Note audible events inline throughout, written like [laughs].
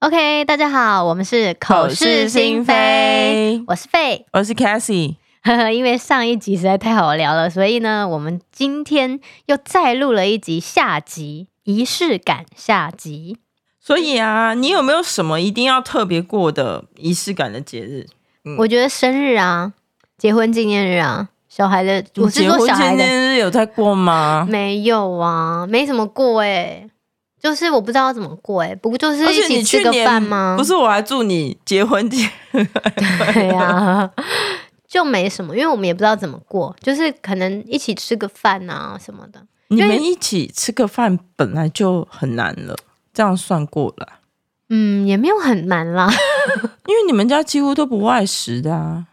OK，大家好，我們是口是心非，我是費，我是 Cassie。 [laughs] 因為上一集實在太好聊了，所以呢，我們今天又再錄了一集下集，儀式感下集。所以啊，你有沒有什麼一定要特別過的儀式感的節日？嗯。我覺得生日啊，結婚紀念日啊。小孩的，我是說小孩的。你結婚紀念日有在過嗎？沒有啊，沒怎麼過哎、欸，就是我不知道怎麼過哎、欸，不過就是一起吃個飯嗎？不是，我還祝你結婚節。 [laughs] 對呀、啊，就沒什麼，因為我們也不知道怎麼過，就是可能一起吃個飯啊什麼的。你們一起吃個飯本來就很難了，這樣算過了？嗯，也沒有很難啦， [laughs] 因為你們家幾乎都不外食的、啊。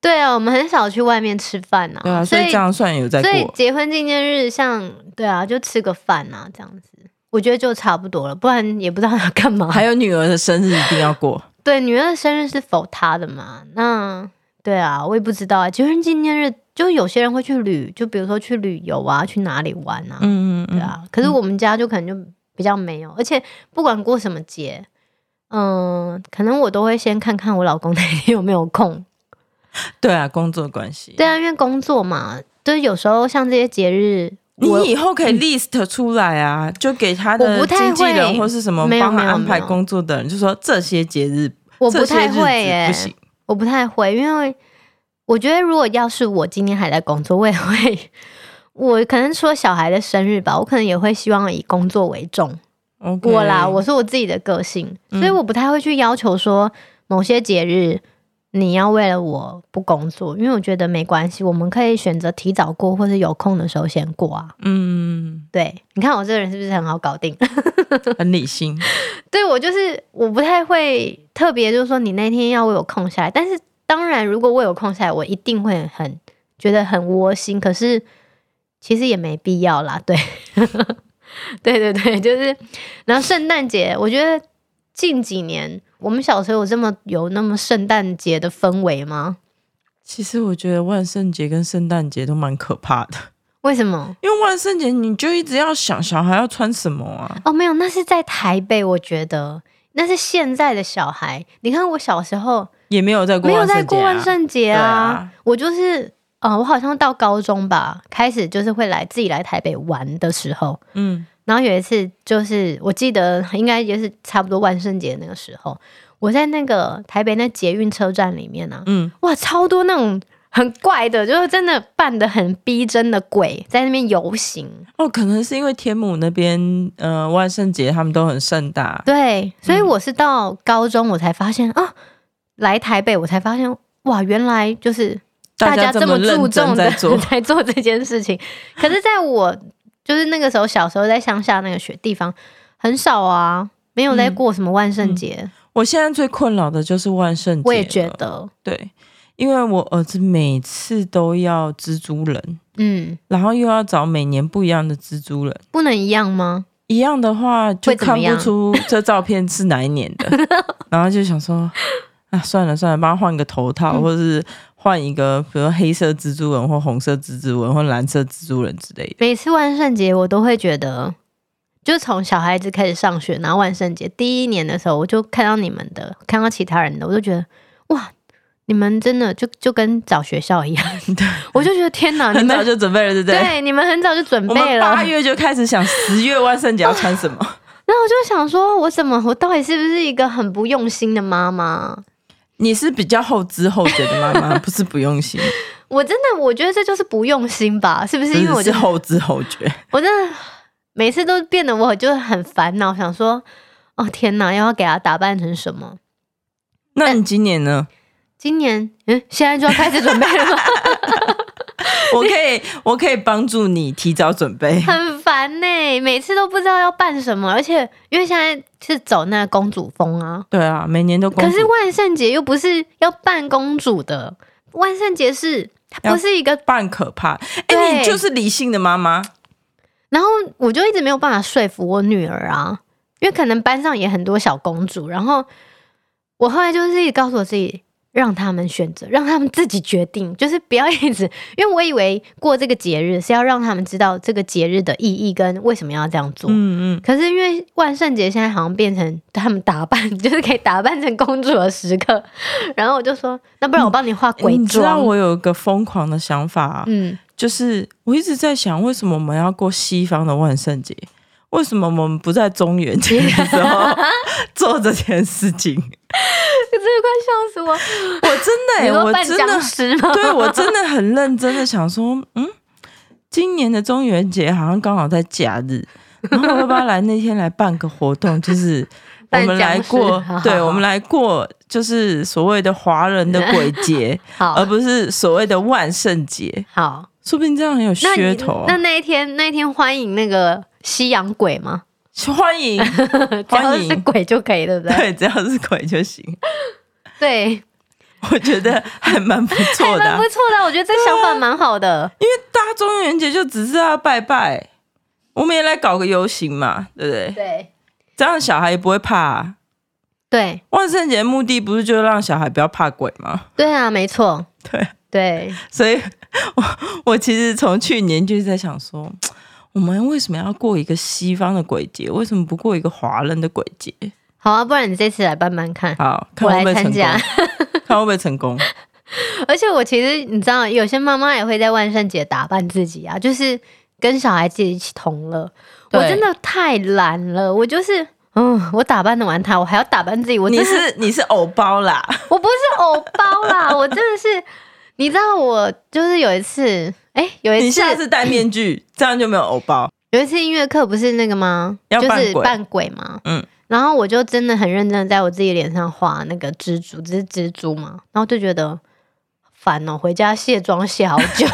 對啊，我們很少去外面吃飯吶、啊，對啊，所，所以這樣算有在過，所以結婚紀念日像，像對啊，就吃個飯啊，這樣子，我覺得就差不多了，不然也不知道要幹嘛。還有女兒的生日一定要過， [laughs] 對，女兒的生日是否她的嘛？那對啊，我也不知道啊。結婚紀念日，就有些人會去旅就比如說去旅遊啊，去哪裡玩啊？嗯嗯嗯。對啊，可是我們家就可能就比較沒有，嗯、而且不管過什麼節，嗯、呃，可能我都會先看看我老公那 [laughs] 天有沒有空。對啊，工作關係。對啊，因為工作嘛，就是有時候像這些節日我，你以後可以 list 出來啊，我嗯、就給他的經紀人或是什麼幫他安排工作的人，就說這些節日，我不太會耶，不行，我不太會，因為我覺得如果要是我今天還在工作，我也會，我可能說小孩的生日吧，我可能也會希望以工作為重，Okay，我啦，我是我自己的個性，所以我不太會去要求說某些節日。你要為了我不工作，因為我覺得沒關係，我們可以選擇提早過，或者有空的時候先過啊。嗯，對，你看我這個人是不是很好搞定？很理性。 [laughs] 對，我就是我不太會特別，就是說你那天要為我空下來，但是當然，如果我有空下來，我一定會很覺得很窩心。可是其實也沒必要啦，對， [laughs] 對對對，就是。然後聖誕節，我覺得近幾年，我們小時候有這麼有那麼聖誕節的氛圍嗎？其實我覺得萬聖節跟聖誕節都蠻可怕的。為什麼？因為萬聖節你就一直要想小孩要穿什麼啊？哦，沒有，那是在台北。我覺得那是現在的小孩。你看我小時候也沒有在過，沒有在過萬聖節啊，啊。我就是啊，哦，我好像到高中吧，開始就是會來自己來台北玩的時候，嗯。然後有一次，就是我記得應該也是差不多萬聖節那個時候，我在那個台北那捷運車站裡面呢、啊，嗯，哇，超多那種很怪的，就是真的扮得很逼真的鬼在那邊遊行。哦，可能是因為天母那邊，呃，萬聖節他們都很盛大。對，所以我是到高中我才發現、嗯、啊，來台北我才發現哇，原來就是大家這麼注重的在做，才做這件事情， [laughs] 可是在我。就是那個時候，小時候在鄉下那個雪地方很少啊，沒有在過什麼萬聖節，嗯嗯。我現在最困擾的就是萬聖節，我也覺得對，因為我兒子每次都要蜘蛛人，嗯，然後又要找每年不一樣的蜘蛛人，不能一樣嗎？一樣的話就看不出這照片是哪一年的， [laughs] 然後就想說啊，算了算了，幫他換個頭套，嗯、或者是。換一個，比如黑色蜘蛛人，或紅色蜘蛛人，或藍色蜘蛛人之類的。每次萬聖節，我都會覺得，就從小孩子開始上學，然後萬聖節第一年的時候，我就看到你們的，看到其他人的，我就覺得，哇，你們真的就就跟找學校一樣的。對，我就覺得天哪，你們，很早就準備了，對不對？對，你們很早就準備了，八月就開始想十月萬聖節要穿什麼。然 [laughs] 後，哦，那我就想說，我怎麼，我到底是不是一個很不用心的媽媽？你是比較後知後覺的媽媽，不是不用心？ [laughs] 我真的，我覺得這就是不用心吧，是不是？因為我是後知後覺， [laughs] 我真的每次都變得我就很煩惱， [laughs] 煩惱 [laughs] 想說，哦天哪，要，要給他打扮成什麼？那你今年呢？欸、今年嗯、欸，現在就要開始準備了嗎？ [laughs] [laughs] [laughs] 我可以，我可以幫助你提早準備。 [laughs] 很煩呢、欸，每次都不知道要扮什麼，而且因為現在是走那個公主風啊。對啊，每年都公主。可是萬聖節又不是要扮公主的，萬聖節是不是一個扮可怕？哎、欸，你就是理性的媽媽。然後我就一直沒有辦法說服我女兒啊，因為可能班上也很多小公主。然後我後來就是一直告訴我自己，讓他們選擇，讓他們自己決定，就是不要一直。因為我以為過這個節日是要讓他們知道這個節日的意義跟為什麼要這樣做。嗯嗯。可是因為萬聖節現在好像變成他們打扮，就是可以打扮成公主的時刻。然後我就說，那不然我幫你畫鬼妝。嗯。你知道我有一個瘋狂的想法，嗯，就是我一直在想，為什麼我們要過西方的萬聖節？為什麼我們不在中元節的時候 [laughs] 做這件事情？你真的快笑死我！我真的，欸，我真的，對，我真的很認真的想說，嗯，今年的中元節好像剛好在假日，然後要不要來那天來辦個活動， [laughs] 就是我們來過，對，啊，我們來過，就是所謂的華人的鬼節， [laughs] 而不是所謂的萬聖節。好，說不定這樣很有噱頭，啊那。那那一天，那一天歡迎那個。西洋鬼嗎？歡迎，歡迎 [laughs] 只要是鬼就可以，對不對？對，只要是鬼就行。 [laughs] 對，我覺得還蠻不錯的、啊， [laughs] 還蠻不錯的。我覺得這想法蠻好的、啊，因為大中元節就只是要拜拜，我們也來搞個遊行嘛，對不對？對，這樣小孩也不會怕、啊。對，萬聖節的目的不是就是讓小孩不要怕鬼嗎？對啊，沒錯，對對。所以我我其實從去年就是在想說。我們為什麼要過一個西方的鬼節？為什麼不過一個華人的鬼節？好啊，不然你這次來辦辦看，好，看會不會參加，我來參加， [laughs] 看會不會成功？ [laughs] 而且我其實你知道，有些媽媽也會在萬聖節打扮自己啊，就是跟小孩子一起同樂。我真的太懶了，我就是嗯，我打扮得完他，我還要打扮自己。我你是你是偶包啦， [laughs] 我不是偶包啦，我真的是，你知道我就是有一次。欸、有一次你下次戴面具，欸、這樣就沒有偶包。有一次音樂課不是那個嗎？就是扮鬼嘛。嗯，然後我就真的很認真，在我自己臉上畫那個蜘蛛，只是蜘蛛嘛，然後就覺得煩哦、喔，回家卸妝卸好久。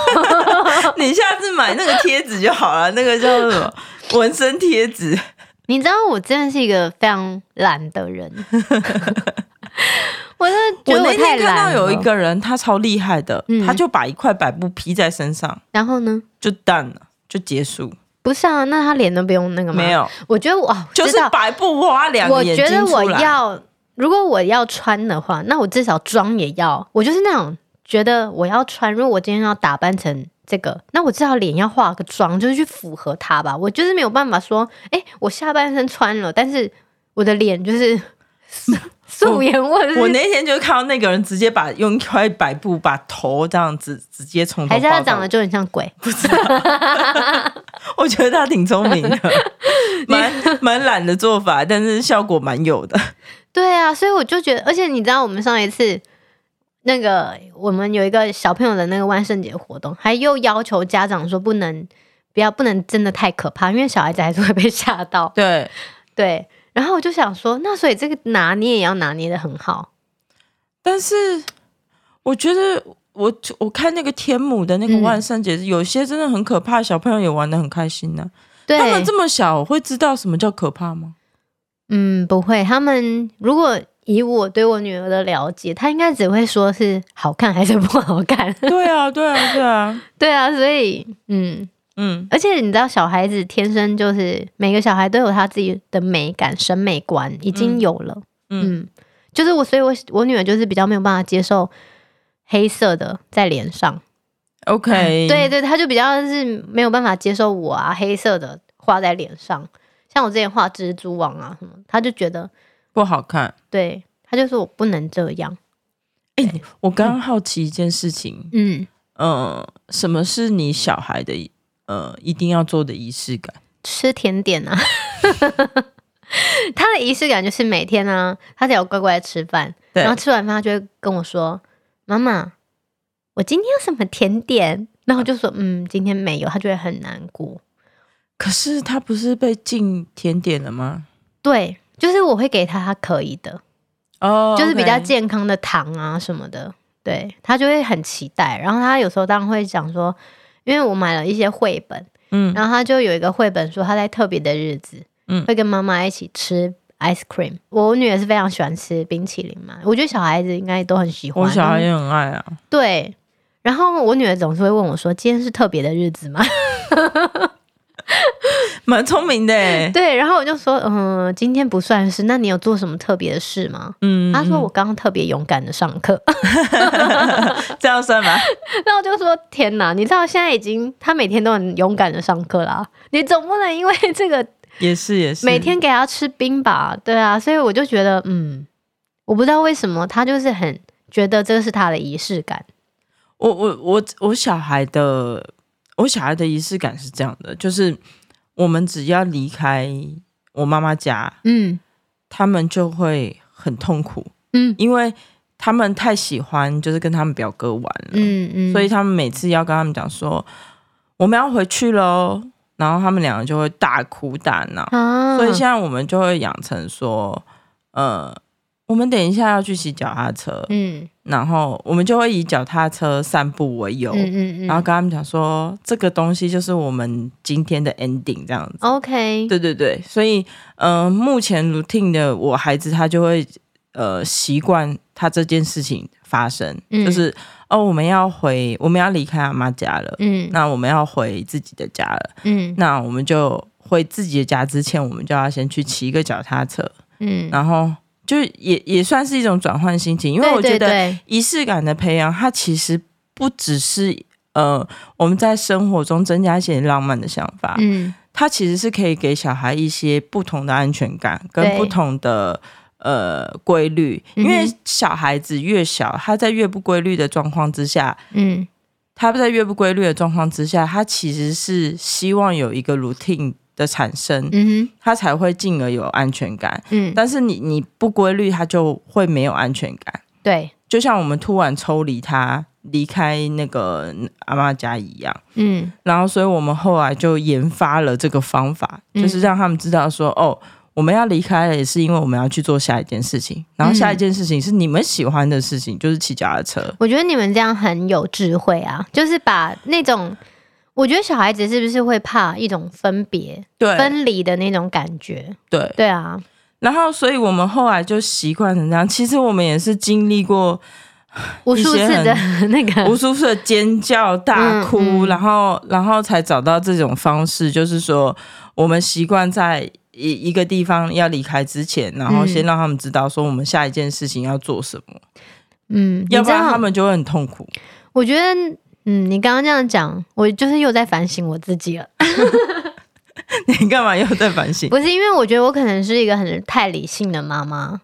[laughs] 你下次買那個貼紙就好了， [laughs] 那個叫什麼？紋身貼紙。你知道我真的是一個非常懶的人。 [laughs] 我覺得我,我那天看到有一個人，他超厲害的、嗯，他就把一塊白布披在身上，然後呢，就 done 了，就結束。不是啊，那他臉都不用那個嗎？沒有，我覺得哇，就是白布花兩。我覺得我要如果我要穿的話，那我至少妝也要。我就是那種覺得我要穿，如果我今天要打扮成這個，那我至少臉要化個妝，就是去符合它吧。我就是沒有辦法說，哎、欸，我下半身穿了，但是我的臉就是。 [laughs] 素顏，我，我那天就看到那個人直接把用一塊白布把頭這樣子直接從頭還是他長得就很像鬼？不知道， [laughs] [laughs] 我覺得他挺聰明的，蠻蠻懶的做法，但是效果蠻有的。對啊，所以我就覺得，而且你知道，我們上一次那個我們有一個小朋友的那個萬聖節活動，還又要求家長說不能不要不能真的太可怕，因為小孩子還是會被嚇到。對對。然後我就想說，那所以這個拿捏也要拿捏得很好。但是我覺得我我看那個天母的那個萬聖節、嗯，有些真的很可怕，小朋友也玩得很開心呢、啊。他們這麼小會知道什麼叫可怕嗎？嗯，不會。他們如果以我對我女兒的了解，她應該只會說是好看還是不好看。 [laughs] 對啊，對啊，對啊，對啊。所以嗯。嗯，而且你知道，小孩子天生就是每個小孩都有他自己的美感、審美觀，已經有了嗯嗯。嗯，就是我，所以我我女兒就是比較沒有辦法接受黑色的在臉上。OK，、嗯、對，對對，她就比較是沒有辦法接受我啊，黑色的畫在臉上，像我之前畫蜘蛛網啊什麼，她就覺得不好看。對，她就說我不能這樣。哎、欸，我剛剛好奇一件事情，嗯嗯、呃，什麼是你小孩的呃，一定要做的儀式感，吃甜點啊！ [laughs] 他的儀式感就是每天呢、啊，他只要乖乖吃飯，然後吃完飯他就會跟我說：“媽媽，我今天有什麼甜點？”然後就說嗯：“嗯，今天沒有。”他就會很難過。可是他不是被禁甜點了嗎？對，就是我會給他，他可以的哦，oh, 就是比較健康的糖啊什麼的，okay、對他就會很期待。然後他有時候當然會講說。因為我買了一些繪本，嗯，然後他就有一個繪本說他在特別的日子，嗯，會跟媽媽一起吃 ice cream。我，我女兒是非常喜歡吃冰淇淋嘛，我覺得小孩子應該都很喜歡。我小孩也很愛啊。對，然後我女兒總是會問我說：“今天是特別的日子嗎？” [laughs] 蠻聰明的，對。然後我就說，嗯、呃，今天不算是。那你有做什麼特別的事嗎？嗯，他說我剛剛特別勇敢的上課， [laughs] [laughs] 這樣算嗎？那我就說，天哪！你知道現在已經他每天都很勇敢的上課啦，你總不能因為這個也是也是每天給他吃冰吧？也是也是。對啊，所以我就覺得，嗯，我不知道為什麼他就是很覺得這個是他的儀式感。我我我我小孩的。我小孩的儀式感是這樣的，就是我們只要離開我媽媽家，嗯，他們就會很痛苦，嗯，因為他們太喜歡就是跟他們表哥玩了，嗯嗯，所以他們每次要跟他們講說，我們要回去咯，然後他們兩個就會大哭大鬧，啊，所以現在我們就會養成說，呃，我們等一下要去騎腳踏車，嗯。然後我們就會以腳踏車散步為由，嗯嗯嗯，然後跟他們講說，這個東西就是我們今天的 ending 這樣子。OK，對對對，所以，嗯、呃，目前 routine 的我孩子他就會，呃，習慣他這件事情發生，就是，嗯、哦，我們要回，我們要離開阿嬤家了，嗯，那我們要回自己的家了，嗯，那我們就回自己的家之前，我們就要先去騎一個腳踏車，嗯，然後。就也也算是一種轉換心情，因為我覺得儀式感的培養，它其實不只是呃我們在生活中增加一些浪漫的想法，嗯，它其實是可以給小孩一些不同的安全感跟不同的呃規律，因為小孩子越小，他在越不規律的狀況之下，嗯，他在越不規律的狀況之下，他其實是希望有一個 routine。的產生，嗯哼，他才會進而有安全感，嗯，但是你你不規律，他就會沒有安全感，對，就像我們突然抽離他離開那個阿媽家一樣，嗯，然後所以我們後來就研發了這個方法，就是讓他們知道說，嗯、哦，我們要離開了，也是因為我們要去做下一件事情，然後下一件事情是你們喜歡的事情，嗯、就是騎腳踏車。我覺得你們這樣很有智慧啊，就是把那種。我覺得小孩子是不是會怕一種分別，對分離的那種感覺？對，對啊。然後，所以我們後來就習慣成這樣。其實我們也是經歷過無數次的 [laughs] 那個、無數次的尖叫、大哭、嗯，然後，然後才找到這種方式。就是說，我們習慣在一一個地方要離開之前，嗯、然後先讓他們知道說，我們下一件事情要做什麼。嗯，要不然他們就會很痛苦，我覺得。嗯，你剛剛這樣講，我就是又在反省我自己了。 [laughs] [laughs] 你幹嘛又在反省？不是因為我覺得我可能是一個很太理性的媽媽，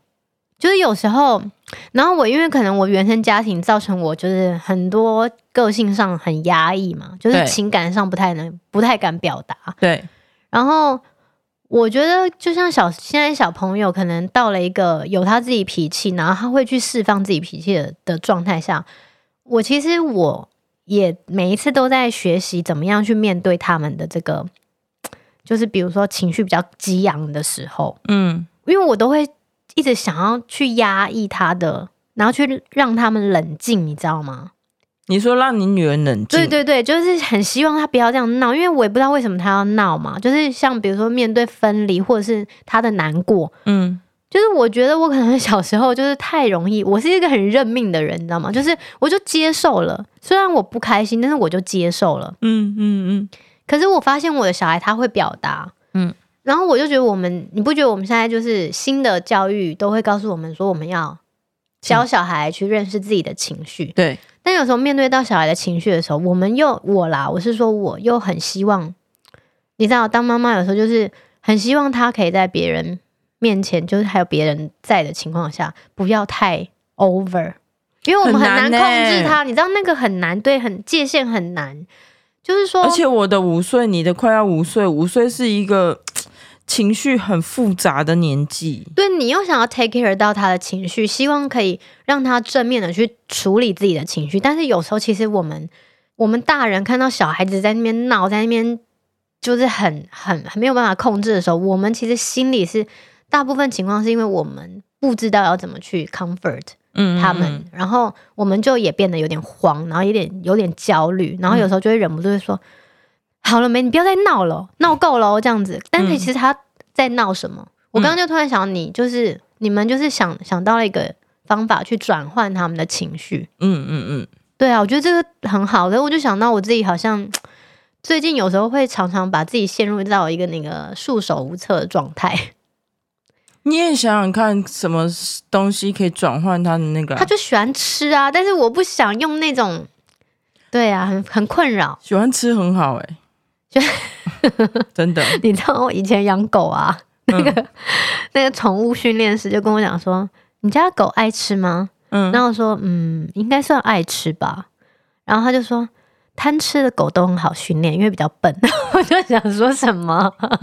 就是有時候，然後我因為可能我原生家庭造成我就是很多個性上很壓抑嘛，就是情感上不太能、不太敢表達。對。然後我覺得，就像小現在小朋友可能到了一個有他自己脾氣，然後他會去釋放自己脾氣的的狀態下，我其實我。也每一次都在學習怎麼樣去面對他們的這個，就是比如說情緒比較激昂的時候，嗯，因為我都會一直想要去壓抑他的，然後去讓他們冷靜，你知道嗎？你說讓你女兒冷靜，對對對，就是很希望他不要這樣鬧，因為我也不知道為什麼他要鬧嘛，就是像比如說面對分離或者是他的難過，嗯。就是我覺得我可能小時候就是太容易，我是一個很認命的人，你知道嗎？就是我就接受了，雖然我不開心，但是我就接受了。嗯嗯嗯。可是我發現我的小孩他會表達，嗯，然後我就覺得我們，你不覺得我們現在就是新的教育都會告訴我們說，我們要教小孩去認識自己的情緒，嗯，對。但有時候面對到小孩的情緒的時候，我們又我啦，我是說我又很希望，你知道，當媽媽有時候就是很希望他可以在別人。面前就是還有別人在的情況下，不要太 over，因為我們很難控制他，欸、你知道那個很難，對，很界限很難。就是說，而且我的五歲，你的快要五歲，五歲是一個情緒很複雜的年紀。對，你又想要 take care 到他的情緒，希望可以讓他正面的去處理自己的情緒。但是有時候，其實我們我們大人看到小孩子在那邊鬧，在那邊就是很很，很沒有辦法控制的時候，我們其實心裡是。大部分情況是因為我們不知道要怎麼去 comfort 他們，嗯嗯嗯，然後我們就也變得有點慌，然後有點有點焦慮，然後有時候就會忍不住會說、嗯：“好了沒，你不要再鬧了，鬧夠了，這樣子。”但是其實他在鬧什麼？嗯、我剛剛就突然想到你，你就是你們就是想想到了一個方法去轉換他們的情緒。嗯嗯嗯，對啊，我覺得這個很好。然後我就想到我自己，好像最近有時候會常常把自己陷入到一個那個束手無策的狀態。你也想想看，什麼東西可以轉換它的那個、啊？他就喜歡吃啊，但是我不想用那種，對啊，很很困擾。喜歡吃很好哎、欸，就 [laughs] 真的。你知道我以前養狗啊，那個、嗯、那個寵物訓練師就跟我講說：“你家狗愛吃嗎？”嗯，然後我說：“嗯，應該算愛吃吧。”然後他就說：“貪吃的狗都很好訓練，因為比較笨。”我就想說什麼， [laughs] 所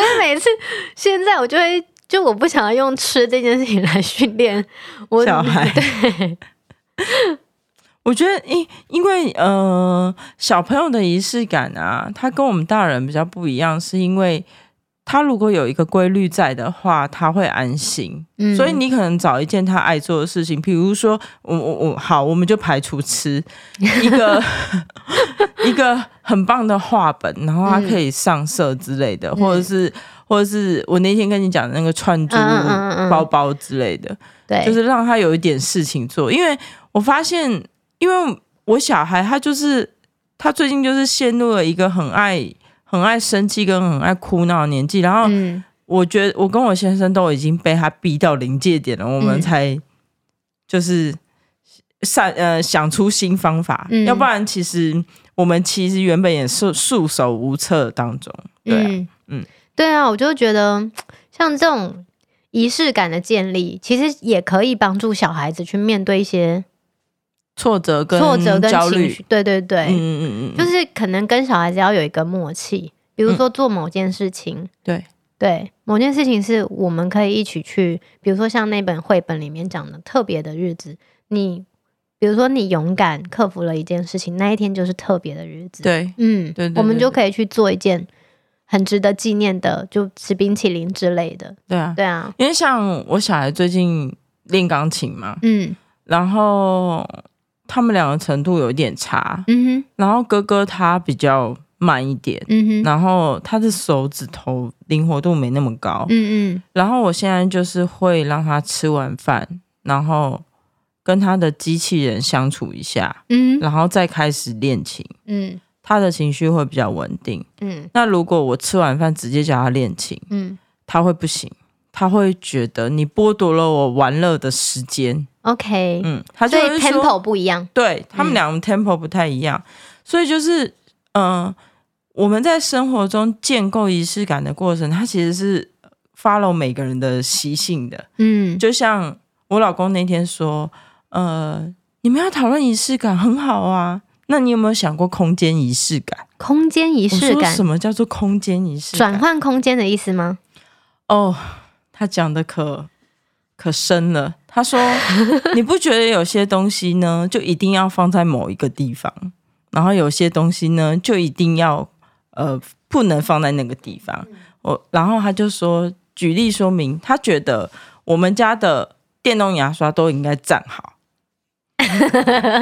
以每次現在我就會。就我不想要用吃這件事情來訓練我小孩。對 [laughs] 我覺得因，因因為嗯、呃，小朋友的儀式感啊，他跟我們大人比較不一樣，是因為他如果有一個規律在的話，他會安心、嗯。所以你可能找一件他愛做的事情，比如說，我我我好，我們就排除吃一個 [laughs] 一個很棒的畫本，然後他可以上色之類的，嗯、或者是。或者是我那天跟你講的那個串珠包包之類的嗯嗯嗯，對，就是讓他有一點事情做。因為我發現，因為我小孩他就是他最近就是陷入了一個很愛很愛生氣跟很愛哭鬧的年紀。然後我覺得我跟我先生都已經被他逼到臨界點了，嗯，我們才就是想呃想出新方法。嗯、要不然其實我們其實原本也是束手無策當中。對、啊，嗯。對啊，我就覺得像這種儀式感的建立，其實也可以幫助小孩子去面對一些挫折跟、挫折跟焦慮。對對對，嗯嗯嗯，就是可能跟小孩子要有一個默契。比如說做某件事情，嗯、對對，某件事情是我們可以一起去。比如說像那本繪本裡面講的特別的日子，你比如說你勇敢克服了一件事情，那一天就是特別的日子。對，嗯，對，對，對，對，我們就可以去做一件。很值得紀念的，就吃冰淇淋之類的。對啊，對啊，因為像我小孩最近練鋼琴嘛，嗯，然後他們兩個程度有一點差，嗯哼，然後哥哥他比較慢一點，嗯哼，然後他的手指頭靈活度沒那麼高，嗯嗯，然後我現在就是會讓他吃完飯，然後跟他的機器人相處一下，嗯，然後再開始練琴，嗯。他的情緒會比較穩定。嗯，那如果我吃完飯直接叫他練琴，嗯，他會不行，他會覺得你剝奪了我玩樂的時間。OK，嗯，他就是 tempo 不一樣，對他們兩個 tempo 不太一樣，嗯，所以就是，嗯，呃，我們在生活中建構儀式感的過程，它其實是 follow 每個人的習性的。嗯，就像我老公那天說，呃，你們要討論儀式感，很好啊。那你有沒有想過空間儀式感？空間儀式感，什麼叫做空間儀式？轉換空間的意思嗎？哦，他講的可可深了。他說：“ [laughs] 你不覺得有些東西呢，就一定要放在某一個地方，然後有些東西呢，就一定要呃，不能放在那個地方？”我然後他就說舉例說明，他覺得我們家的電動牙刷都應該站好。 [laughs]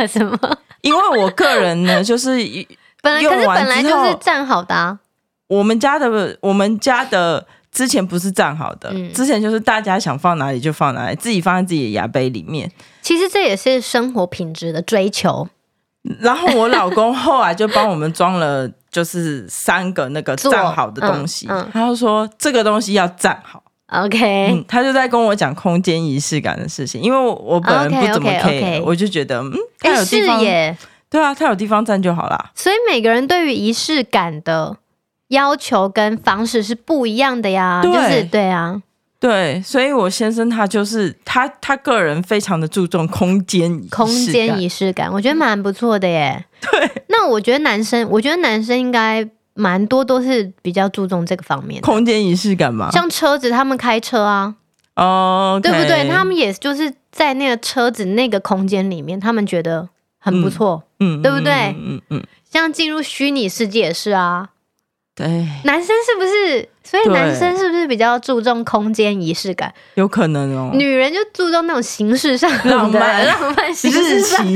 什麼？ [laughs] 因為我個人呢，就是本來用完之後，可是本來就是站好的，啊。我們家的我們家的之前不是站好的，嗯，之前就是大家想放哪裡就放哪裡，自己放在自己的牙杯裡面。其實這也是生活品質的追求。然後我老公後來就幫我們裝了，就是三個那個站好的東西。嗯嗯，他就說這個東西要站好。OK，、嗯、他就在跟我講空間儀式感的事情，因為我我本人不怎麼可以，okay, okay, okay. 我就覺得嗯，他有視野、欸，對啊，他有地方站就好啦。所以每個人對於儀式感的要求跟方式是不一樣的呀，就是對啊，對，所以我先生他就是他他個人非常的注重空間空間儀式感，我覺得蠻不錯的耶、嗯。對，那我覺得男生，我覺得男生應該。蠻多都是比較注重這個方面，空間儀式感嘛。像車子，他們開車啊，哦、oh, okay.，對不對？他們也就是在那個車子那個空間裡面，他們覺得很不錯、嗯，嗯，對不對？嗯嗯,嗯,嗯。像進入虛擬世界也是啊，對。男生是不是？所以男生是不是比較注重空間儀式感？有可能哦。女人就注重那種形式上的、哦，浪漫浪漫形式上，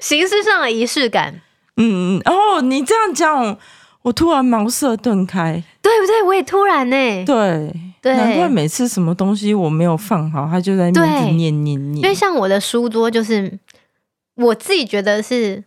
形式上的儀式感。嗯 [laughs] 嗯。哦、oh,，你這樣講。我突然茅塞頓開，對不對，對？我也突然呢、欸。對，難怪每次什麼東西我沒有放好，他就在那裡念念念。因為像我的書桌，就是我自己覺得是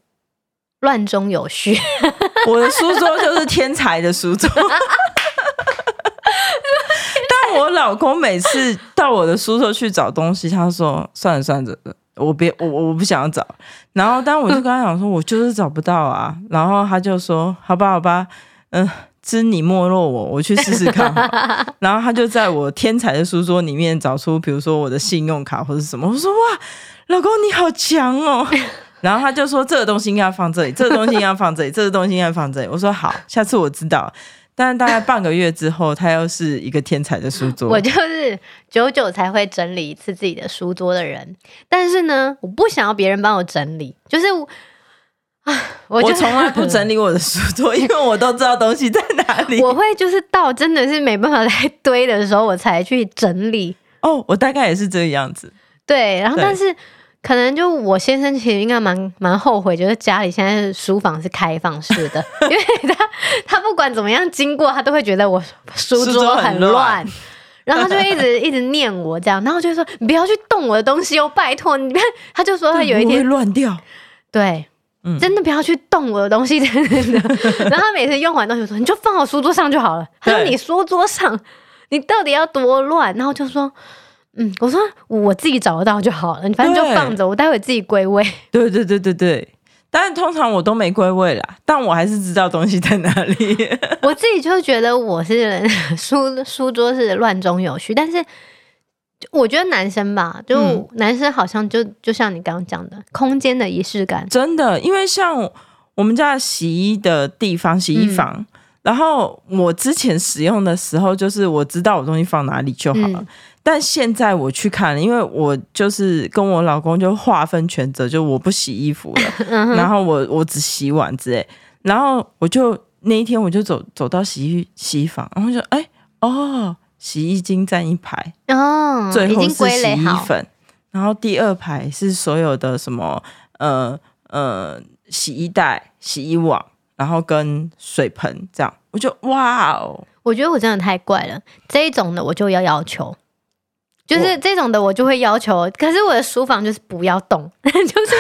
亂中有序 [laughs] 我的書桌就是天才的書桌。 [laughs] [laughs] [laughs] [laughs] [laughs] [laughs] [laughs] [laughs] 但我老公每次到我的書桌去找東西，他說：“算了算了。”我別我我不想要找，然後，當我就跟他講說，我就是找不到啊。 [laughs] 然後他就說，好吧，好吧，嗯、呃，知你莫若我，我去試試看。 [laughs] 然後他就在我天才的書桌裡面找出，比如說我的信用卡或者什麼。我說哇，老公你好強哦。 [laughs] 然後他就說，這個東西應該放這裡，這個東西應該放這裡，這個東西應該放這裡。我說好，下次我知道。但大概半個月之後，他又是一個天才的書桌。 [laughs] 我就是久久才會整理一次自己的書桌的人。但是呢，我不想要別人幫我整理，就是我 [laughs] 我從來不整理我的書桌， [laughs] 因為我都知道東西在哪裡。 [laughs] [laughs] 我會就是到真的是沒辦法來堆的時候，我才去整理。哦、oh，我大概也是這個樣子。對，然後但是。可能就我先生其實應該蠻蠻後悔，覺得家裡現在書房是開放式的， [laughs] 因為他他不管怎麼樣經過，他都會覺得我書桌很亂， [laughs] 然後他就一直一直念我這樣，然後就說 [laughs] 你不要去動我的東西，哦，拜託你不要，他就說他有一天亂掉，對，真的不要去動我的東西，真的，嗯。 [laughs] 然後他每次用完東西說，你就放我書桌上就好了，他說你書桌上你到底要多亂？然後就說。嗯，我說我自己找得到就好了，你反正就放着，我待會自己歸位。對對對對對，但是通常我都沒歸位啦，但我還是知道東西在哪裡。 [laughs] 我自己就覺得我是人書書桌是亂中有序，但是我覺得男生吧，就男生好像就就像你剛剛講的、嗯、空間的儀式感，真的，因為像我們家洗衣的地方，洗衣房、嗯，然後我之前使用的時候，就是我知道我東西放哪裡就好了。嗯但現在我去看了，因為我就是跟我老公就劃分權責，就我不洗衣服了， [laughs] 然後我我只洗碗之類。然後我就那一天我就走走到洗衣洗衣房，然後我就哎、欸、哦，洗衣精佔一排哦，最後是洗衣粉，然後第二排是所有的什麼呃呃洗衣袋、洗衣網，然後跟水盆這樣，我就哇哦，我覺得我真的太怪了，這一種的我就要要求。就是這種的，我就會要求。可是我的書房就是不要動，就是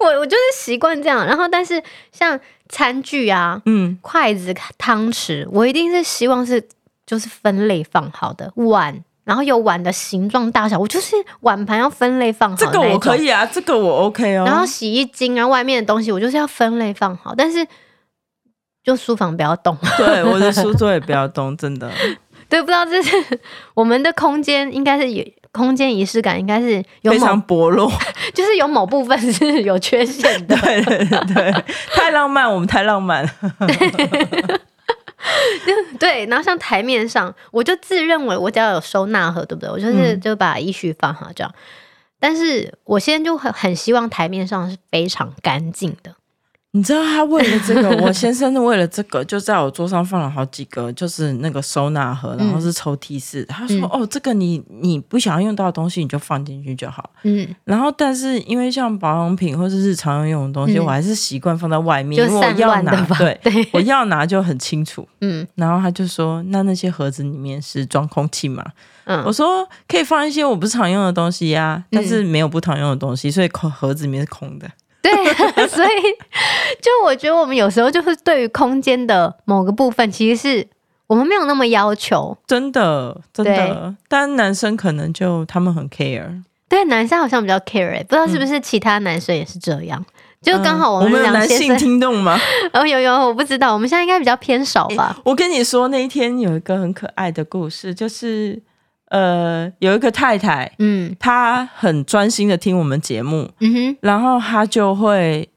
我我就是習慣這樣。然後，但是像餐具啊，嗯，筷子、湯匙，我一定是希望是就是分類放好的碗，然後有碗的形狀、大小，我就是碗盤要分類放好。這個我可以啊，這個我 OK 哦。然後洗衣精，然後，外面的東西，我就是要分類放好。但是就書房不要動，對我的書桌也不要動，真的。對，不知道這是我們的空間，應該是有空間儀式感，應該是有非常薄弱， [laughs] 就是有某部分是有缺陷的 [laughs] 對對對對，對太浪漫， [laughs] 我們太浪漫了，對 [laughs] [laughs] [laughs] 對，然後像台面上，我就自認為我只要有收納盒，對不對？我就是就把衣絮放好這樣，嗯、但是我現在就很很希望台面上是非常乾淨的。你知道他為了這個， [laughs] 我先生為了這個，就在我桌上放了好幾個，就是那個收納盒、嗯，然後是抽屜式。他說、嗯：“哦，這個你你不想要用到的東西，你就放進去就好。”嗯。然後，但是因為像保養品或者是日常用用的東西，嗯、我還是習慣放在外面，因、嗯、為我要拿吧。對，我要拿就很清楚。嗯。然後他就說：“那那些盒子裡面是裝空氣嘛？”嗯。我說：“可以放一些我不常用的東西呀、啊嗯，但是沒有不常用的東西，所以空盒子裡面是空的。” [laughs] 對，所以就我覺得我們有時候就是對於空間的某個部分，其實是我們沒有那麼要求，真的，真的。但男生可能就他們很 care，對，男生好像比較 care，、欸、不知道是不是其他男生也是這樣？嗯、就剛好我們,、嗯、我們有男性，性聽懂嗎？哦、 [laughs] 嗯，有有，我不知道，我們現在應該比較偏少吧、欸。我跟你說，那一天有一個很可愛的故事，就是。呃，有一個太太，嗯，她很專心的聽我們節目、嗯哼，然後她就會，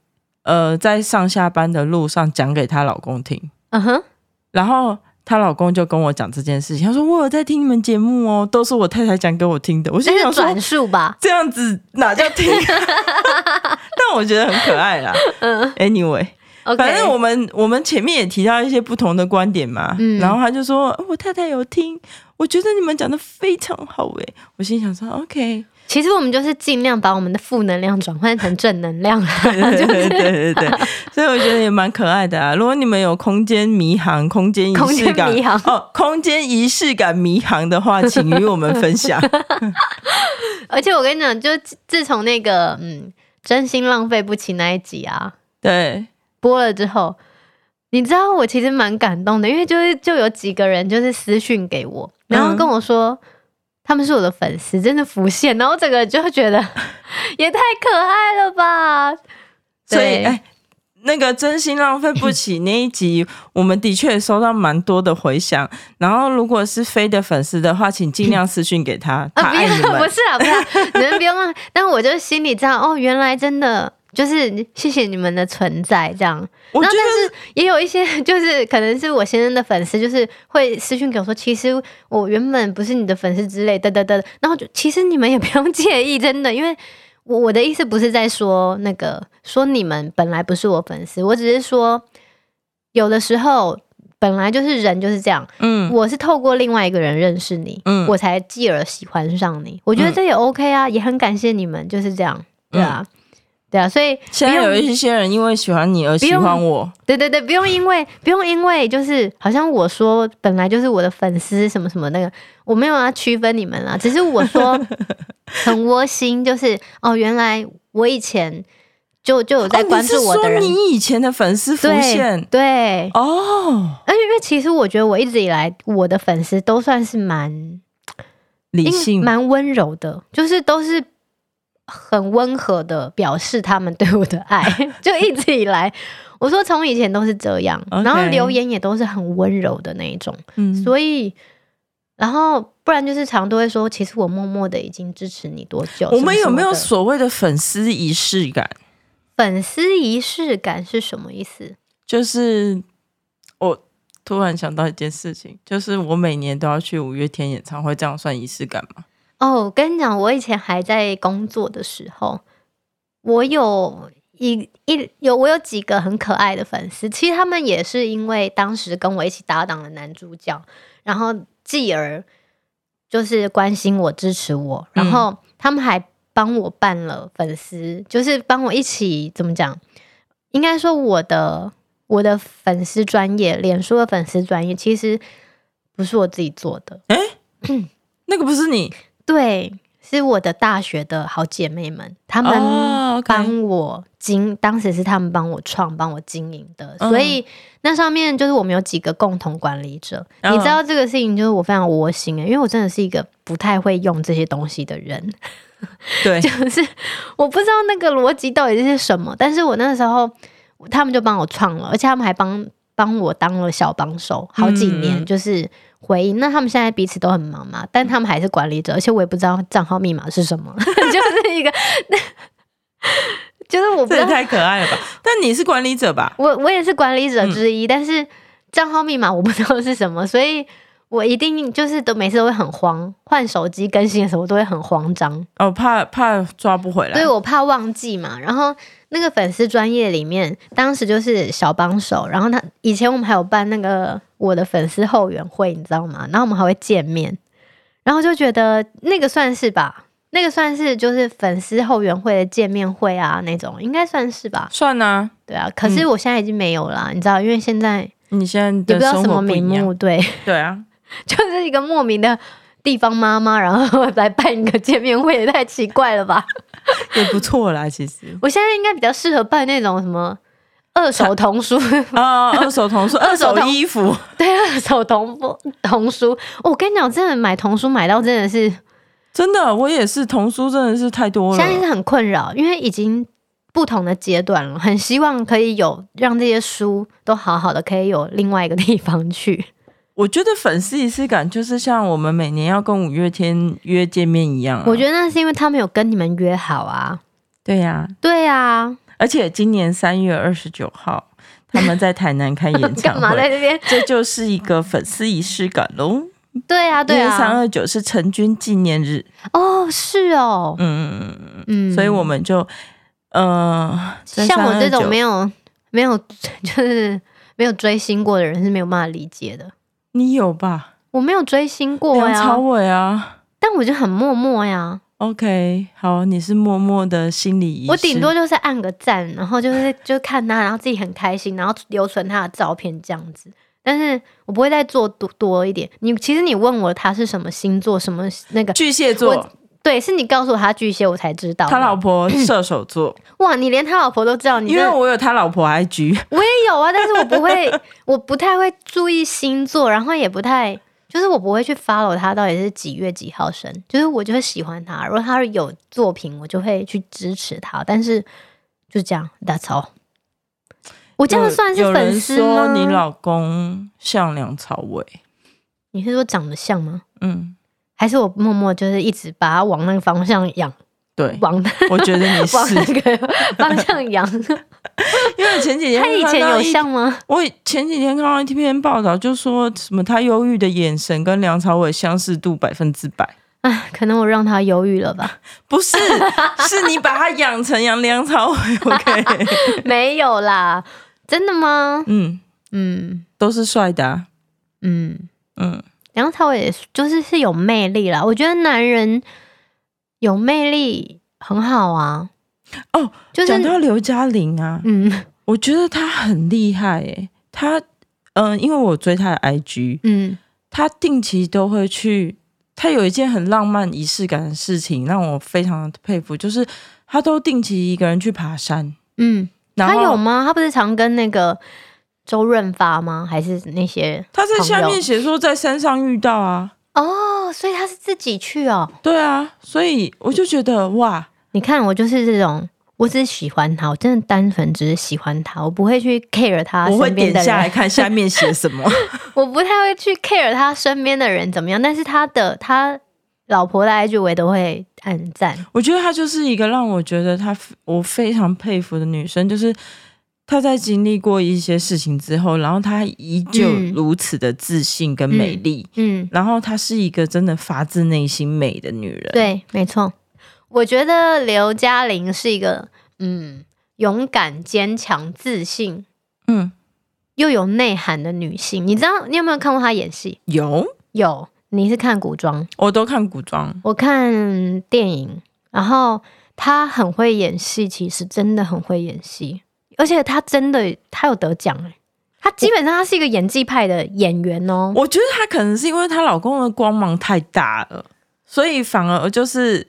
呃，在上下班的路上講給她老公聽，嗯哼、然後她老公就跟我講這件事情，他說我有在聽你們節目哦，都是我太太講給我聽的，我心想說，那是轉述吧，這樣子哪叫聽、啊， [laughs] [laughs] 但我覺得很可愛啦，嗯，anyway。Okay, 反正我們我們前面也提到一些不同的觀點嘛，嗯、然後他就說、哦：“我太太有聽，我覺得你們講的非常好。”誒，我心想說：“OK。”其實我們就是盡量把我們的負能量轉換成正能量，對 [laughs] 對對對對， [laughs] 所以我覺得也蠻可愛的啊。如果你們有空間迷航、空間儀式感、空間、哦、空間儀式感迷航的話，請與我們分享。 [laughs] [laughs] 而且我跟你講，就自從那個嗯，真心浪費不起那一集啊，對。播了之後，你知道我其實蠻感動的，因為就是就有幾個人就是私訊給我，然後跟我說、嗯、他們是我的粉絲，真的浮現，然後整個就會覺得也太可愛了吧。所以哎、欸，那個真心浪費不起那一集，我們的確收到蠻多的回響。 [laughs] 然後如果是 Faye 的粉絲的話，請盡量私訊給他， [laughs] 他愛你們，啊，不要不是啊，不是，不要 [laughs] 你們不用罵、啊。但我就心裡知道，哦，原來真的。就是謝謝你們的存在，這樣。然後但是也有一些，就是可能是我先生的粉絲，就是會私信給我說：“其實我原本不是你的粉絲之類。”的。的的，然後就其實你們也不用介意，真的，因為我我的意思不是在說那個說你們本來不是我粉絲，我只是說有的時候本來就是人就是這樣。嗯，我是透過另外一個人認識你，我才繼而喜歡上你。我覺得這也 OK 啊，也很感謝你們，就是這樣，對啊、嗯。嗯嗯對啊，所以現在有一些人因為喜歡你而喜歡我，對對對，不用因為不用因為就是好像我說本來就是我的粉絲什麼什麼那個，我沒有要區分你們啊，只是我說 [laughs] 很窩心，就是哦，原來我以前就就有在關注我的人，哦、你是說你以前的粉絲浮現，對哦，而且、oh. 因為其實我覺得我一直以來我的粉絲都算是蠻理性、蠻溫柔的，就是都是。很溫和的表示他們對我的愛 [laughs] [laughs] 就一直以來，我說從以前都是這樣，okay. 然後留言也都是很溫柔的那一種，嗯，所以，然後不然就是常常都會說，其實我默默的已經支持你多久？我們有沒有所謂的粉絲儀式感？粉絲儀式感是什麼意思？就是我突然想到一件事情，就是我每年都要去五月天演唱會，這樣算儀式感嗎？哦，我跟你講，我以前還在工作的時候，我有一一有我有幾個很可愛的粉絲，其實他們也是因為當時跟我一起搭檔的男主角，然後繼而就是關心我、支持我，然後他們還幫我辦了粉絲，嗯、就是幫我一起怎麼講？應該說我的我的粉絲專頁，臉書的粉絲專頁其實不是我自己做的。哎、欸嗯，那個不是你。對，是我的大學的好姐妹們，他們幫我經，oh, okay. 當時是他們幫我創、幫我經營的。所以、uh-huh. 那上面就是我們有幾個共同管理者。Uh-huh. 你知道這個事情，就是我非常窩心哎，因為我真的是一個不太會用這些東西的人。對、uh-huh. [laughs] 就是我不知道那個邏輯到底是什麼，但是我那時候他們就幫我創了，而且他們還幫幫我當了小幫手好幾年，uh-huh. 就是。回應。那他們現在彼此都很忙嘛，但他們還是管理者，而且我也不知道賬號密碼是什麼， [laughs] [laughs] 就是一個， [laughs] 就是我不這也太可愛了吧？ [laughs] 但你是管理者吧？我我也是管理者之一，嗯、但是賬號密碼我不知道是什麼，所以我一定就是都每次都會很慌，換手機更新的時候我都會很慌張哦，怕怕抓不回來，對我怕忘記嘛。然後那個粉絲專業裡面，當時就是小幫手，然後他以前我們還有辦那個。我的粉絲後援會，你知道嗎？然後我們還會見面，然後就覺得那個算是吧，那個算是就是粉絲後援會的見面會啊，那種應該算是吧，算啊，對啊。可是我現在已經沒有了啦，嗯，你知道，因為現在你現在不也不知道什麼名目，對對啊， [laughs] 就是一個莫名的地方媽媽，然後來辦一個見面會，也太奇怪了吧？ [laughs] 也不錯啦，其實我現在應該比較適合辦那種什麼。二手童書啊， [laughs] 二手童書，二手衣服 [laughs] ，對，二手童童書、哦。我跟你講，真的買童書買到真的是，真的，我也是童書，真的是太多了。現在是很困擾，因為已經不同的階段了，很希望可以有讓這些書都好好的，可以有另外一個地方去。我覺得粉絲儀式感就是像我們每年要跟五月天約見面一樣、啊。我覺得那是因為他沒有跟你們約好啊。對呀、啊，對呀、啊，而且今年三月二十九號，他們在台南開演唱會， [laughs] 幹嘛在這邊，這就是一個粉絲儀式感嘍。對呀、啊，對呀、啊，三二九是成軍紀念日哦，是哦，嗯嗯嗯嗯，所以我們就，呃，像我這種沒有沒有就是沒有追星過的人是沒有辦法理解的。你有吧？我沒有追星過呀，梁朝偉啊，但我就很默默呀。OK，好，你是默默的心理醫生。我頂多就是按個讚，然後就是就是、看他，然後自己很開心，然後留存他的照片這樣子。但是我不會再做多多一點。你其實你問我他是什麼星座，什麼那個巨蟹座，我，對，是你告訴我他巨蟹，我才知道他老婆射手座 [coughs] 。哇，你連他老婆都知道，你。因為，我有他老婆 IG， [laughs] 我也有啊，但是我不會，我不太會注意星座，然後也不太。就是我不會去 follow 他到底是幾月幾號生，就是我就會喜歡他。如果他有作品，我就會去支持他。但是就這樣，That's all，我這樣算是粉絲嗎？有人說你老公像梁朝偉，你是說長得像嗎？嗯，還是我默默就是一直把他往那個方向養。對，我覺得你是那個方向養。 [laughs] 因為前幾天他以前有像嗎？我前幾天看到一篇報道，就說什麼他憂鬱的眼神跟梁朝偉相似度百分之百。哎，可能我讓他憂鬱了吧？不是，是你把他養成楊梁朝偉 [laughs] ？OK，沒有啦，真的嗎？嗯嗯，都是帥的啊，嗯嗯，梁朝偉就是是有魅力啦。我覺得男人。有魅力很好啊！哦、oh, 就是，講到劉嘉玲啊，嗯，我覺得她很厲害誒、欸。她，嗯、呃，因為我追她的 IG，嗯，她定期都會去。她有一件很浪漫儀式感的事情，讓我非常的佩服，就是她都定期一個人去爬山。嗯，然後，她有嗎？她不是常跟那個周潤發嗎？還是那些？她在下面寫說在山上遇到啊。哦，所以他是自己去哦。對啊，所以我就覺得哇，你看我就是這種，我只是喜歡他，我真的單純只是喜歡他，我不會去 care 他身邊的人。我會點下來看下面寫什麼， [laughs] 我不太會去 care 他身邊的人怎麼樣。但是他的他老婆的 IG 都會按讚，我覺得他就是一個讓我覺得他我非常佩服的女生，就是。她在經歷過一些事情之後，然後她依舊如此的自信跟美麗。嗯嗯，嗯，然後她是一個真的發自內心美的女人。對，沒錯，我覺得劉嘉玲是一個嗯勇敢、堅強、自信，嗯，又有內涵的女性。你知道你有沒有看過她演戲？有有，你是看古裝？我都看古裝，我看電影，然後她很會演戲，其實真的很會演戲。而且她真的，她有得獎哎、欸！她基本上她是一個演技派的演員哦、喔。我覺得她可能是因為她老公的光芒太大了，所以反而就是，是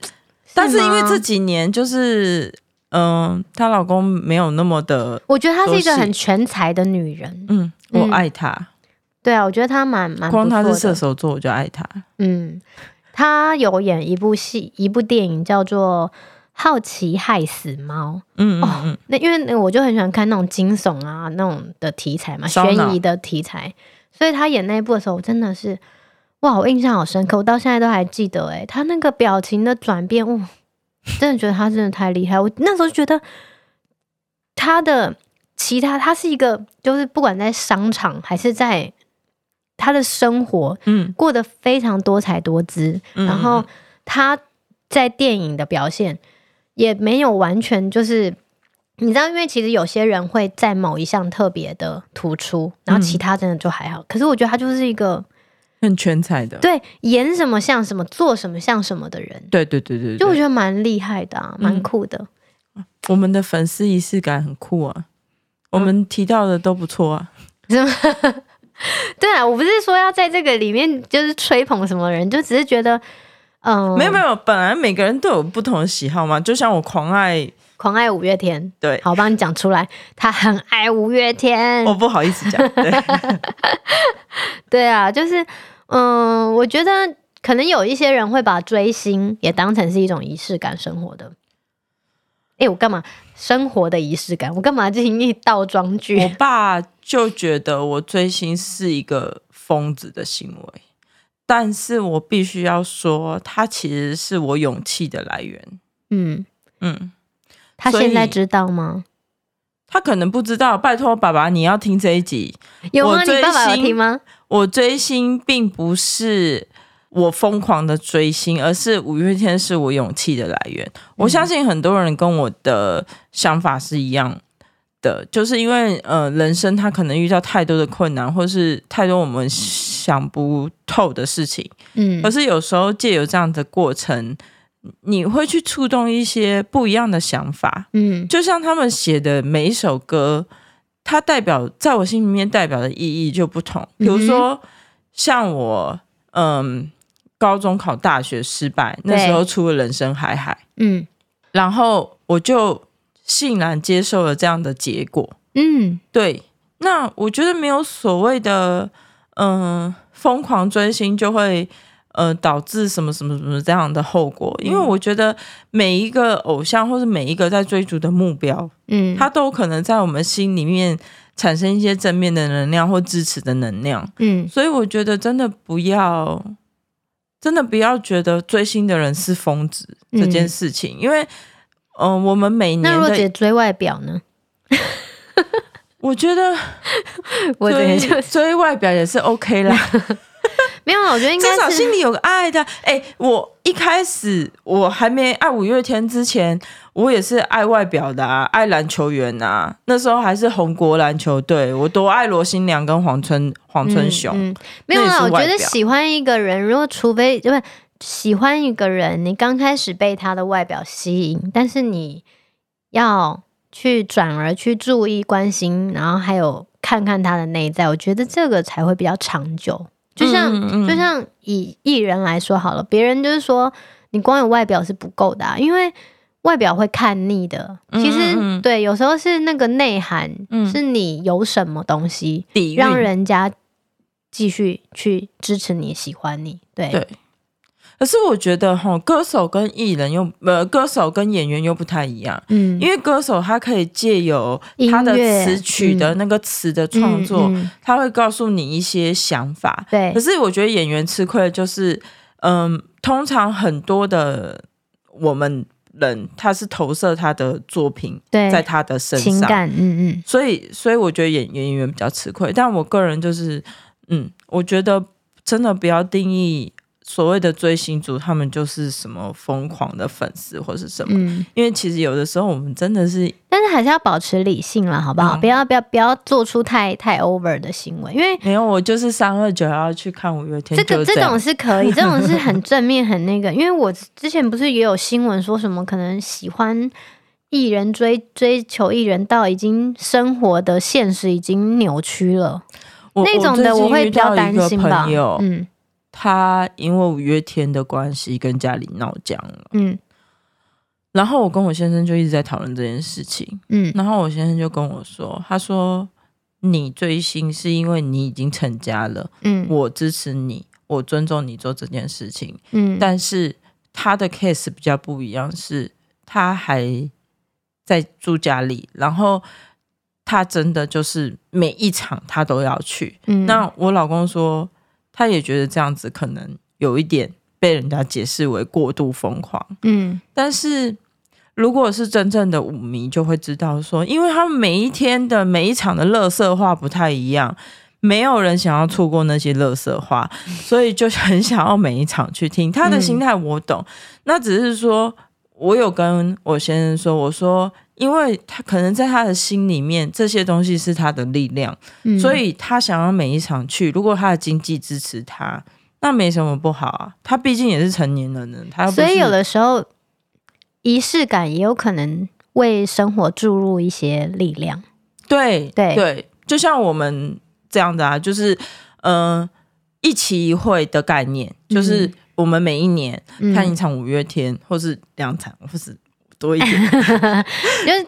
但是因為這幾年就是，嗯、呃，她老公沒有那麼的，我覺得她是一個很全才的女人。嗯，我愛她、嗯。對啊，我覺得她蠻蠻，光她是射手座，我就愛她。嗯，她有演一部戲，一部電影叫做。好奇害死貓，哦、嗯那、嗯嗯、因為我就很喜歡看那種驚悚啊那種的題材嘛，懸疑的題材，所以他演那一部的時候，我真的是哇，我印象好深刻，我到現在都還記得，誒他那個表情的轉變，嗚、哦，真的覺得他真的太厲害。 [laughs] 我那時候就覺得他的其他，他是一個，就是不管在商場還是在他的生活，嗯，過得非常多彩多姿嗯嗯嗯，然後他在電影的表現。也沒有完全就是，你知道，因為其實有些人會在某一項特別的突出，然後其他真的就還好。嗯、可是我覺得他就是一個很全才的，對，演什麼像什麼，做什麼像什麼的人，對對對對,對，就我覺得蠻厲害的、啊，蠻酷的、嗯。我們的粉絲儀式感很酷啊、嗯，我們提到的都不錯啊， [laughs] 對啊，我不是說要在這個裡面就是吹捧什麼人，就只是覺得。嗯，沒有沒有，本來每個人都有不同的喜好嘛。就像我狂愛狂愛五月天，對，好，幫你講出來。他很愛五月天，哦，不好意思講。對啊，就是嗯，我覺得可能有一些人會把追星也當成是一種儀式感生活的。哎，我幹嘛生活的儀式感？我幹嘛進行倒裝句？我爸就覺得我追星是一個瘋子的行為。但是我必須要說，他其實是我勇氣的來源。嗯嗯，他現在知道嗎？他可能不知道。拜託，爸爸，你要聽這一集？有嗎？我追星，你爸爸要聽嗎？我追星並不是我瘋狂的追星，而是五月天是我勇氣的來源。嗯。我相信很多人跟我的想法是一樣的。的，就是因為呃，人生他可能遇到太多的困難，或是太多我們想不透的事情，可、嗯、是有時候借由這樣的過程，你會去觸動一些不一樣的想法，嗯、就像他們寫的每一首歌，它代表在我心裡面代表的意義就不同。比如說，嗯、像我嗯、呃，高中考大學失敗，那時候出了《人生海海》，嗯，然後我就。欣然接受了這樣的結果。嗯，對。那我覺得沒有所謂的，嗯、呃，瘋狂追星就會，呃，導致什麼什麼什麼這樣的後果。嗯、因為我覺得每一個偶像或是每一個在追逐的目標，嗯，他都有可能在我們心裡面產生一些正面的能量或支持的能量。嗯，所以我覺得真的不要，真的不要覺得追星的人是瘋子、嗯、這件事情，因為。嗯，我們每年那若姐追外表呢？ [laughs] 我覺得得 [laughs] 追，追外表也是 OK 啦。沒有，我覺得應該至少心裡有個愛的。誒、欸，我一開始我還沒愛五月天之前，我也是愛外表的、啊，愛籃球員啊。那時候還是宏國籃球隊，我多愛羅興樑跟黃春黃春雄。嗯嗯、沒有啦，我覺得喜歡一個人，如果除非不。喜歡一個人，你剛開始被他的外表吸引，但是你要去轉而去注意、關心，然後還有看看他的內在。我覺得這個才會比較長久。就像、嗯嗯、就像以藝人來說好了，別人就是說，你光有外表是不夠的、啊，因為外表會看膩的。其實嗯嗯嗯對，有時候是那個內涵、嗯，是你有什麼東西，讓人家繼續去支持你喜歡你。對。對可是我覺得哈，歌手跟藝人又呃，歌手跟演員又不太一樣。嗯，因為歌手他可以借由他的詞曲的那個詞的創作，嗯，他會告訴你一些想法。對，嗯嗯。可是我覺得演員吃虧的就是，嗯，通常很多的我們人他是投射他的作品在他的身上。嗯嗯。所以，所以我覺得演演員比較吃虧。但我個人就是，嗯，我覺得真的不要定義。所謂的追星族，他們就是什麼瘋狂的粉絲或是什麼、嗯，因為其實有的時候我們真的是，但是還是要保持理性了，好不好？嗯、不要不要不要做出太太 over 的行為，因為沒有我就是三二九要去看五月天這，這個這種是可以， [laughs] 這種是很正面很那個，因為我之前不是也有新聞說什麼可能喜歡藝人追追求藝人到已經生活的現實已經扭曲了，那種的我會比較擔心吧，嗯。他因為五月天的關係跟家裡鬧僵了，嗯，然後我跟我先生就一直在討論這件事情，嗯，然後我先生就跟我說，他說你追星是因為你已經成家了，嗯，我支持你，我尊重你做這件事情，嗯，但是他的 case 比較不一樣，是他還在住家裡，然後他真的就是每一場他都要去，嗯，那我老公說。他也覺得這樣子可能有一點被人家解釋為過度瘋狂，嗯，但是如果是真正的舞迷，就會知道說，因為他們每一天的每一場的垃圾話不太一樣，沒有人想要錯過那些垃圾話，所以就很想要每一場去聽。他的心態我懂、嗯，那只是說我有跟我先生說，我說。因為他可能在他的心裡面，這些東西是他的力量、嗯，所以他想要每一場去。如果他的經濟支持他，那沒什麼不好啊。他畢竟也是成年人，他所以有的時候儀式感也有可能為生活注入一些力量。對對對，就像我們這樣的啊，就是嗯、呃，一期一會的概念，嗯、就是我們每一年看一場五月天，嗯、或是兩場，不是。多一點，就是，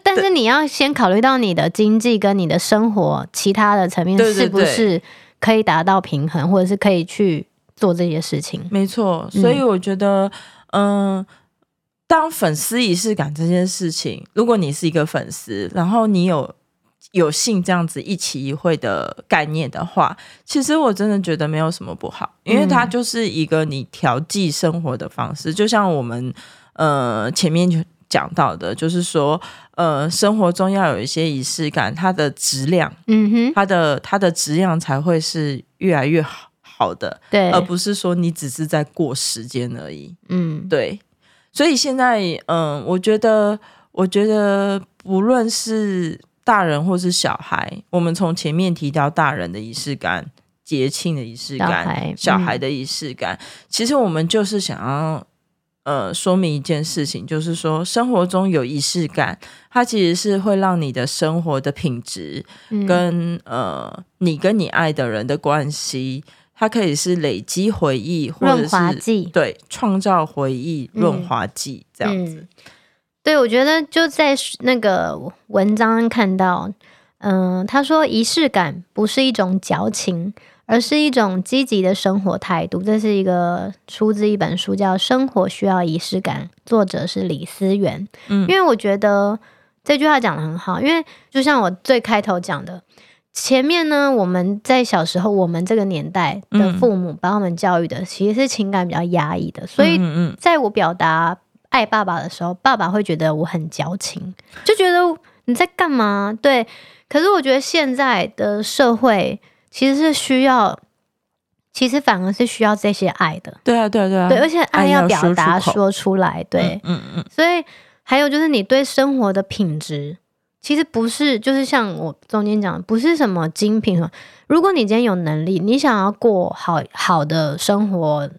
但是你要先考慮到你的經濟跟你的生活其他的層面是不是可以達到平衡，或者是可以去做這些事情。 [laughs] 沒錯，所以我覺得，嗯、呃，當粉絲儀式感這件事情，如果你是一個粉絲，然後你有有幸這樣子一期一會的概念的話，其實我真的覺得沒有什麼不好，因為它就是一個你調劑生活的方式，嗯、就像我們呃前面就。講到的就是說，呃，生活中要有一些儀式感，它的質量，嗯哼，它的它的質量才會是越來越好好的，對，而不是說你只是在過時間而已，嗯，對。所以現在，嗯、呃，我覺得，我覺得不論是大人或是小孩，我們從前面提到大人的儀式感、節慶的儀式感、小孩的儀式感，嗯，其實我們就是想要。呃，說明一件事情，就是說生活中有儀式感，它其實是會讓你的生活的品質跟，跟、嗯、呃你跟你愛的人的關係，它可以是累積回憶，或者是對創造回憶潤滑劑、嗯、這樣子、嗯。對，我覺得就在那個文章看到，嗯、呃，他說儀式感不是一種矯情，而是一種積極的生活態度，這是一個出自一本書叫《生活需要儀式感》，作者是李思源。嗯，因為我覺得這句話講得很好，因為就像我最開頭講的，前面呢，我們在小時候，我們這個年代的父母把我們教育的，嗯，其實是情感比較壓抑的，所以，在我表達愛爸爸的時候，嗯，爸爸會覺得我很矯情，就覺得你在幹嘛？對，可是我覺得現在的社會。其實是需要，其實反而是需要這些愛的。對啊，對啊，對啊。對，而且愛要表達說出來。對，嗯嗯，嗯。所以還有就是，你對生活的品質，其實不是就是像我中間講的，不是什麼精品嘛。如果你今天有能力，你想要過好好的生活，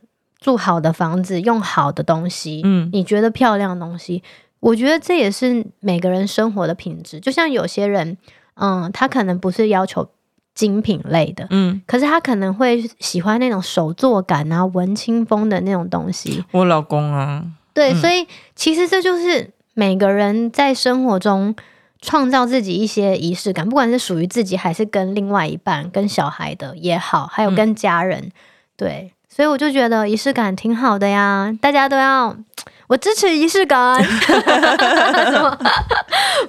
住好的房子，用好的東西，嗯，你覺得漂亮的東西，我覺得這也是每個人生活的品質。就像有些人，嗯，他可能不是要求。精品類的，嗯，可是他可能會喜歡那種手作感啊，文青風的那種東西。我老公啊，對，嗯、所以其實這就是每個人在生活中創造自己一些儀式感，不管是屬於自己，還是跟另外一半、跟小孩的也好，還有跟家人，嗯、對。所以我就覺得儀式感挺好的呀，大家都要，我支持儀式感， [laughs] 什麼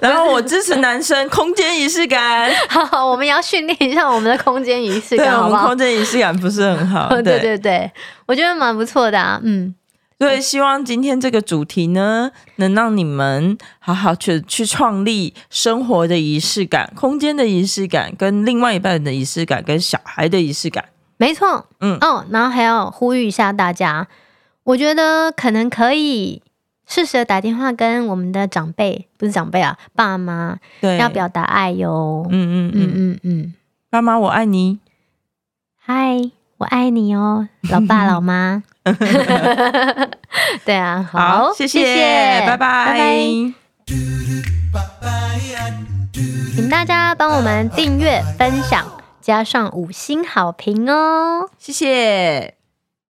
[laughs] 然後我支持男生空間儀式感。 [laughs] 好，好，我們也要訓練一下我們的空間儀式感， [laughs] 對，我們空間儀式感不是很好， [laughs] 對，對對對，我覺得蠻不錯的啊。嗯，對，希望今天這個主題呢，能讓你們好好去去創立生活的儀式感，空間的儀式感，跟另外一半的儀式感，跟小孩的儀式感。沒錯，嗯哦，然後還要呼籲一下大家，我覺得可能可以適時的打電話跟我們的長輩，不是長輩啊，爸媽，對，要表達愛喲，嗯嗯嗯，嗯嗯嗯，爸媽我愛你，嗨，我愛你哦，老爸 [laughs] 老媽媽， [laughs] 對啊好，好，謝謝，謝謝拜拜拜拜，請大家幫我們訂閱分享。加上五星好評哦！謝謝。